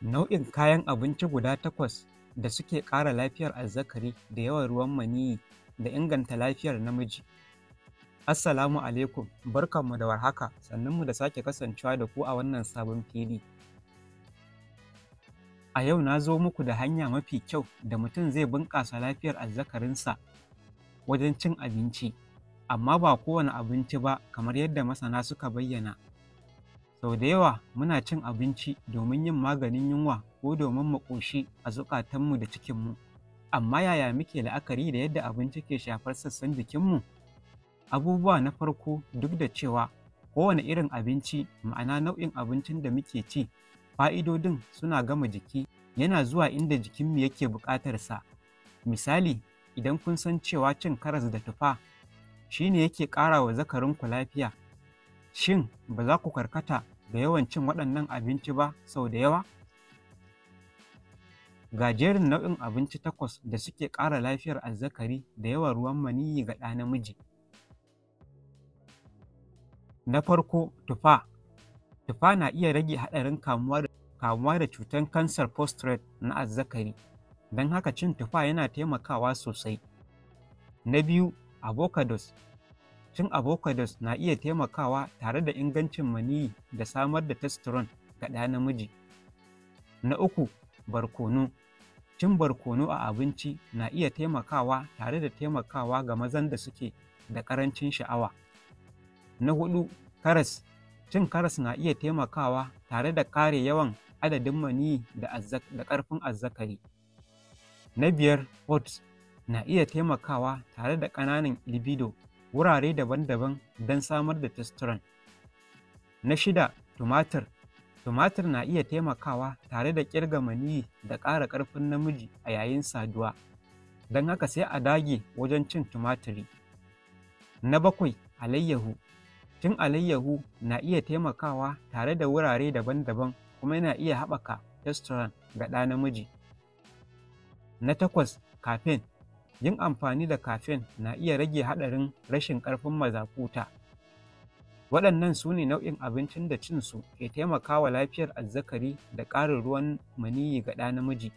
Nau'in kayan abinci guda takwas da suke ƙara lafiyar alzakari da yawan ruwan maniyi da inganta lafiyar namiji. Assalamu alaikum, barkanmu da warhaka, sannunmu da sake kasancewa da ku a wannan sabon fili. A yau na zo muku da hanya mafi kyau da mutum zai bunƙasa lafiyar azzakarinsa wajen cin abinci, amma ba kowane abinci ba kamar yadda masana suka bayyana. Sau da yawa muna cin abinci domin yin maganin yunwa ko domin mu ƙoshi a zukatanmu da cikinmu, amma yaya muke la'akari da yadda abinci ke shafar sassan jikinmu? Abubuwa na farko duk da cewa kowane irin abinci ma'ana nau'in abincin da muke ci, fa'idodin suna gama jiki yana zuwa inda jikinmu yake buƙatarsa. Misali, idan kun san cewa cin karas da tufa shi ne yake ƙara wa zakarinku lafiya, shin ba za ku karkata da yawan cin waɗannan abinci ba sau da yawa? Ga jerin nau'in abinci takwas da suke ƙara lafiyar azzakari da yawan ruwan maniyyi ga ɗa namiji. Na farko, tufa. Tufa na iya rage haɗarin kamuwa da cutar kansar prostate na azzakari, don haka cin tufa yana taimakawa sosai. Na biyu, avocados Cin avocados na iya taimakawa tare da ingancin maniyyi da samar da testosterone ga ɗa namiji. Na uku, barkono. Cin barkono a abinci na iya taimakawa tare da taimakawa ga mazan da suke da ƙarancin sha'awa. Na hudu karas. Cin karas na iya taimakawa tare da kare yawan adadin maniyyi da ƙarfin azzakari. Na biyar, oats na iya taimakawa tare da ƙananan libido wurare daban-daban don samar da testosterone. Na shida, tumatir. Tumatir na iya taimakawa tare da kirga maniyyi da ƙara ƙarfin namiji a yayin saduwa, don haka sai a dage wajen cin tumatiri. Na bakwai, alayyahu. Cin alayyahu na iya taimakawa tare da wurare daban-daban kuma yana iya haɓaka testosterone ga ɗa namiji. Na takwas, caffeine. Yin amfani da caffeine na iya rage haɗarin rashin ƙarfin mazakuta. Waɗannan su ne nau'in abincin da cinsu ke taimakawa lafiyar azzakari da ƙarin ruwan maniyyi ga ɗa namiji.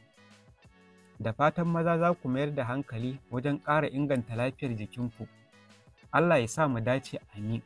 Da fatan maza za ku mayar da hankali wajen ƙara inganta lafiyar jikinku. Allah ya sa mu dace amin.